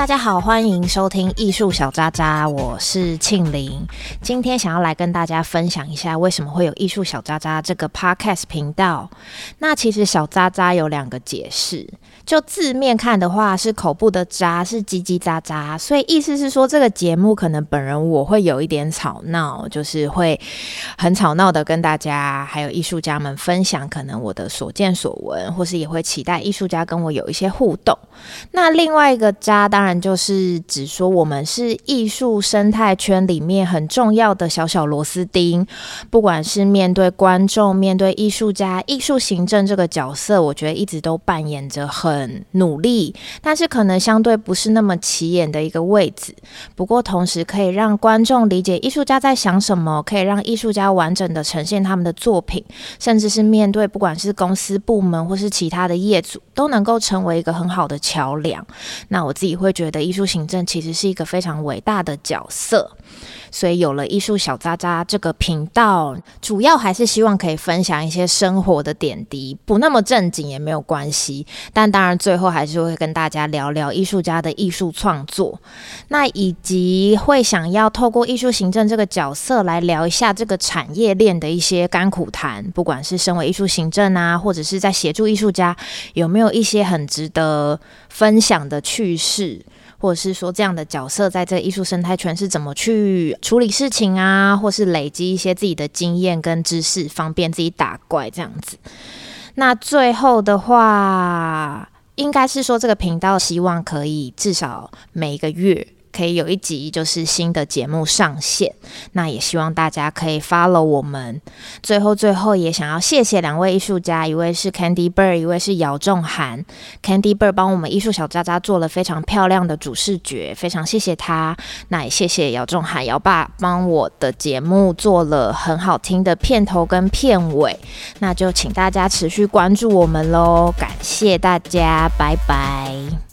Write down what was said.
大家好，歡迎收聽藝術小喳喳，我是慶玲。今天想要來跟大家分享一下，為什麼會有藝術小喳喳這個 podcast 頻道。那其實小喳喳有兩個解釋，就字面看的話，是口部的喳，是嘰嘰喳喳，所以意思是說這個節目可能本人我會有一點吵鬧，就是會很吵鬧的跟大家還有藝術家們分享可能我的所見所聞，或是也會期待藝術家跟我有一些互動。那另外一個渣，當然。但就是指說我們是藝術生態圈裡面很重要的小小螺絲釘，不管是面對觀眾、面對藝術家、藝術行政這個角色，我覺得一直都扮演着很努力，但是可能相對不是那麼起眼的一個位置。不過同時可以讓觀眾理解藝術家在想什麼，可以讓藝術家完整的呈現他們的作品，甚至是面對不管是公司部門或是其他的業主，都能夠成為一個很好的橋樑。那我自己會覺得藝術行政其實是一個非常偉大的角色，所以有了“藝術小喳喳”這個頻道，主要還是希望可以分享一些生活的點滴，不那麼正經也沒有關係。但當然，最後還是會跟大家聊聊藝術家的藝術創作，那以及會想要透過藝術行政這個角色來聊一下這個產業鏈的一些甘苦談，不管是身為藝術行政啊，或者是在協助藝術家，有沒有一些很值得分享的趣事？或者是說這樣的角色，在這個藝術生態圈是怎麼去處理事情啊，或是累積一些自己的經驗跟知識，方便自己打怪這樣子。那最後的話，應該是說這個頻道希望可以至少每一個月。可以有一集就是新的節目上線，那也希望大家可以 follow 我們。最後，最後也想要謝謝兩位藝術家，一位是 Candy Bird，一位是姚仲涵。Candy Bird 幫我們藝術小喳喳做了非常漂亮的主視覺，非常謝謝他。那也謝謝姚仲涵，姚爸幫我的節目做了很好聽的片頭跟片尾。那就請大家持續關注我們嘍，感謝大家，拜拜。